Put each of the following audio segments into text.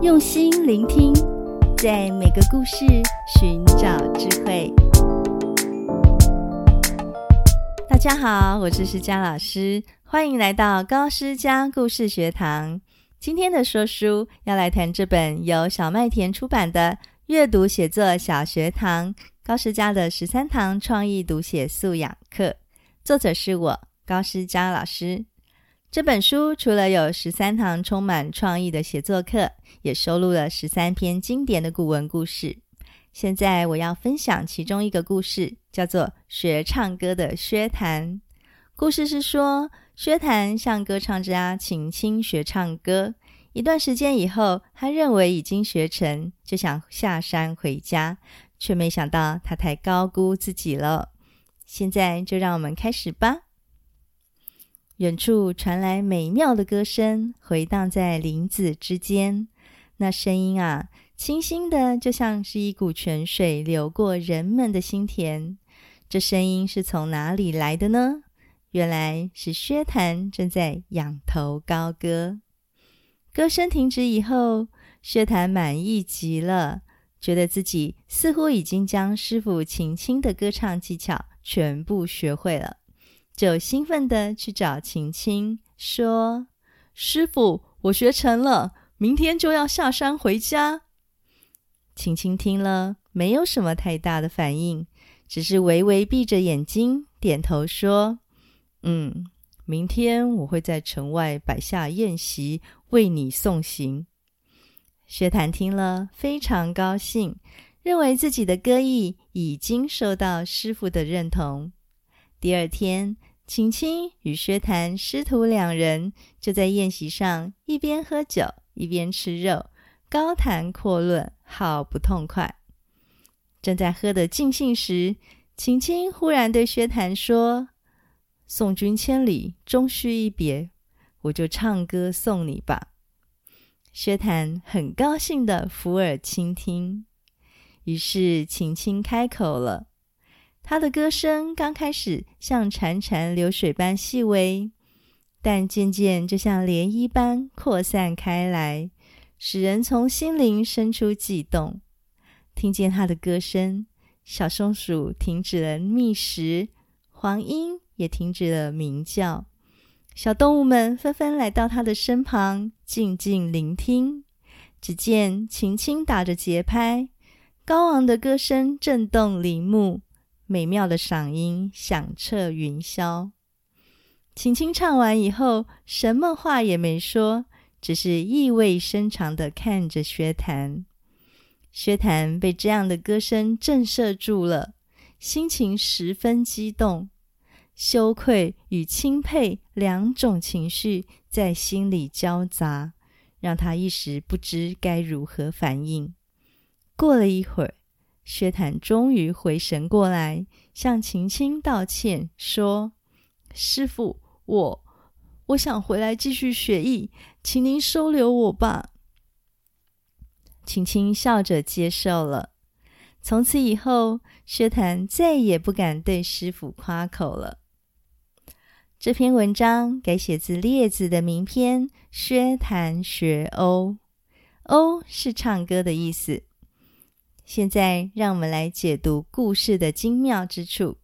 用心聆聽，在每個故事尋找智慧。大家好，我是施佳老師，歡迎來到高詩佳故事學堂。今天的說書要來談這本由小麥田出版的《閱讀寫作小學堂》，高詩佳的十三堂創意讀寫素養課，作者是我，高詩佳老師。這本書除了有十三堂充滿創意的寫作課，也收錄了十三篇經典的古文故事。現在我要分享其中一個故事，叫做《學唱歌的薛譚》。故事是說，薛譚向歌唱家秦青學唱歌，一段時間以後，他認為已經學成，就想下山回家，卻沒想到他太高估自己了。現在就讓我們開始吧。遠處傳來美妙的歌聲，回蕩在林子之間。那聲音啊，清新的就像是一股泉水流過人們的心田。這聲音是從哪裡來的呢？原來是薛譚正在仰頭高歌。歌聲停止以後，薛譚滿意極了，覺得自己似乎已經將師父秦青的歌唱技巧全部學會了。就興奮的去找秦青說：“師傅，我學成了，明天就要下山回家。”秦青聽了沒有什麼太大的反應，只是微微閉着眼睛點頭說：“嗯，明天我會在城外擺下宴席為你送行。”薛譚聽了非常高興，認為自己的歌藝已經受到師傅的認同。第二天，秦青與薛譚師徒兩人就在宴席上一邊喝酒一邊吃肉，高談闊論，好不痛快。正在喝得盡興時，秦青忽然對薛譚說：“送君千里，終須一別，我就唱歌送你吧。”薛譚很高興地俯耳傾聽。於是，秦青開口了。他的歌聲剛開始像潺潺流水般細微，但漸漸就像漣漪般擴散開來，使人從心靈生出悸動。聽見他的歌聲，小松鼠停止了覓食，黃鶯也停止了鳴叫，小動物們紛紛來到他的身旁，靜靜聆聽。只見輕輕打着節拍，高昂的歌聲震動林木。美妙的嗓音響徹雲霄，秦青唱完以後，什麼話也沒說，只是意味深長的看着薛譚。薛譚被這樣的歌聲震懾住了，心情十分激動，羞愧與欽佩兩種情緒在心裡交雜，讓他一時不知該如何反應。過了一會兒。薛譚終於回神過來，向秦青道歉，說：“師傅，我我想回來繼續學藝，請您收留我吧。”秦青笑着接受了。從此以後，薛譚再也不敢對師傅誇口了。這篇文章改寫自《列子》的名篇《薛譚學謳》，「謳」是唱歌的意思。現在讓我們來解讀故事的精妙之處。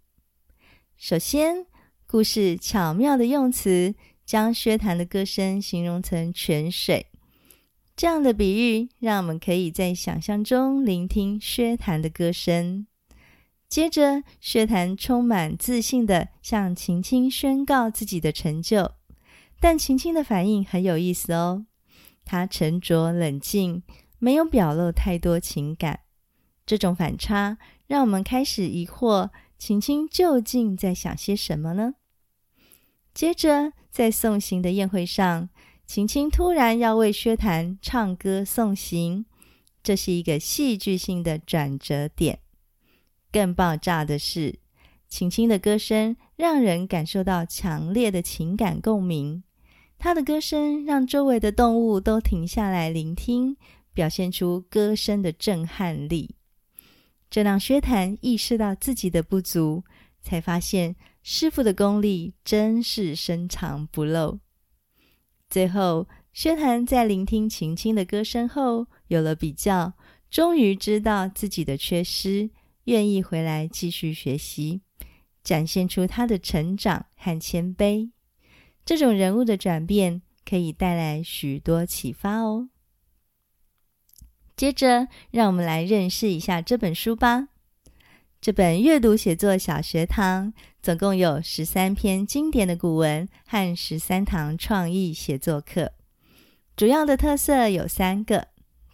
首先，故事巧妙的用詞將薛譚的歌聲形容成泉水，這樣的比喻讓我們可以在想象中聆聽薛譚的歌聲。接着，薛譚充滿自信地向秦青宣告自己的成就，但秦青的反應很有意思哦，他沉着冷靜，沒有表露太多情感。這種反差讓我們開始疑惑：秦青究竟在想些什麼呢？接着，在送行的宴會上，秦青突然要為薛譚唱歌送行，這是一個戲劇性的轉折點。更爆炸的是，秦青的歌聲讓人感受到強烈的情感共鳴。她的歌聲讓周圍的動物都停下來聆聽，表現出歌聲的震撼力。這讓薛譚意識到自己的不足，才發現師傅的功力真是深藏不露。最後，薛譚在聆聽秦青的歌聲後有了比較，終於知道自己的缺失，願意回來繼續學習，展現出他的成長和謙卑。這種人物的轉變可以帶來許多啟發哦。接着，讓我們來認識一下這本書吧。這本《閱讀寫作小學堂》總共有十三篇經典的古文和十三堂創意寫作課，主要的特色有三個：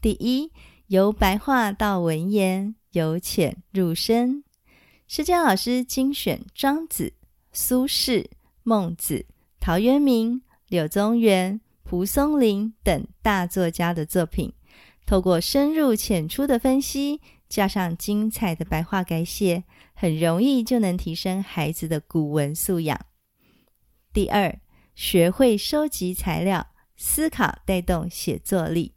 第一，由白話到文言，由淺入深；詩佳老師精選《莊子》《蘇軾》《孟子》《陶淵明》《柳宗元》《蒲松齡》等大作家的作品。透過深入淺出的分析，加上精彩的白話改寫，很容易就能提升孩子的古文素養。第二，學會收集材料，思考帶動寫作力。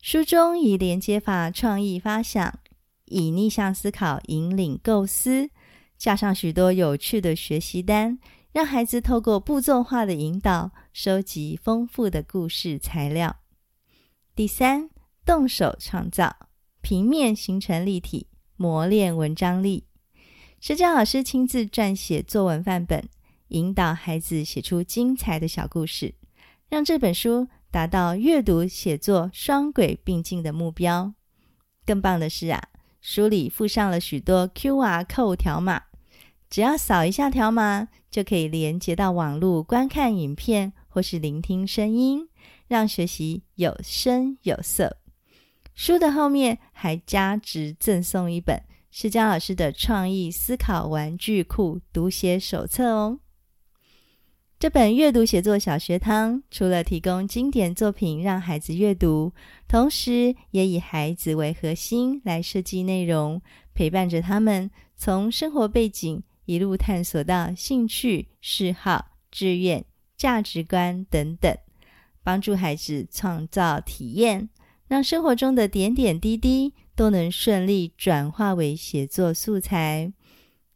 書中以連接法創意發想，以逆向思考引領構思，加上許多有趣的學習單，讓孩子透過步驟化的引導，收集豐富的故事材料。第三，動手創造，平面形成立體，磨練文章力。詩佳老師親自撰寫作文範本，引導孩子寫出精彩的小故事，讓這本書達到閱讀寫作雙軌並進的目標。更棒的是啊，書裡附上了許多 QR code 條碼，只要掃一下條碼，就可以連接到網絡觀看影片或是聆聽聲音，讓學習有聲有色。書的後面還加值贈送一本詩佳老師的創意思考玩具庫讀寫手冊哦。這本閱讀寫作小學堂除了提供經典作品讓孩子閱讀，同時也以孩子為核心來設計內容，陪伴着他們從生活背景一路探索到興趣、嗜好、志願、價值觀等等，幫助孩子創造體驗。讓生活中的點點滴滴都能順利轉化為寫作素材。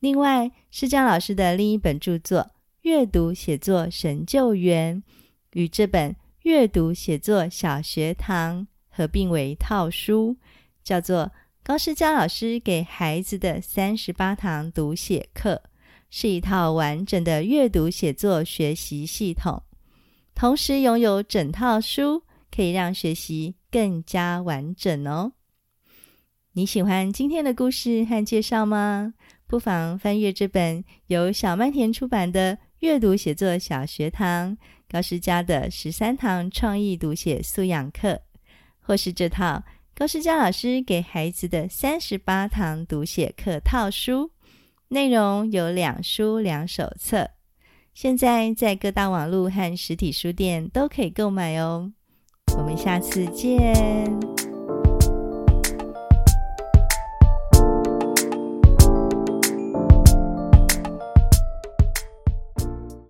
另外，詩佳老師的另一本著作《閱讀寫作神救援》與這本《閱讀寫作小學堂》合併為一套書，叫做《高詩佳老師給孩子的三十八堂讀寫課》，是一套完整的閱讀寫作學習系統。同時擁有整套書，可以讓學習，更加完整哦！你喜歡今天的故事和介紹嗎？不妨翻閱這本由小麥田出版的《閱讀寫作小學堂》高詩佳的十三堂創意讀寫素養課，或是這套高詩佳老師給孩子的三十八堂讀寫課套書，內容有兩書兩手冊。現在在各大網絡和實體書店都可以購買哦。我們下次見。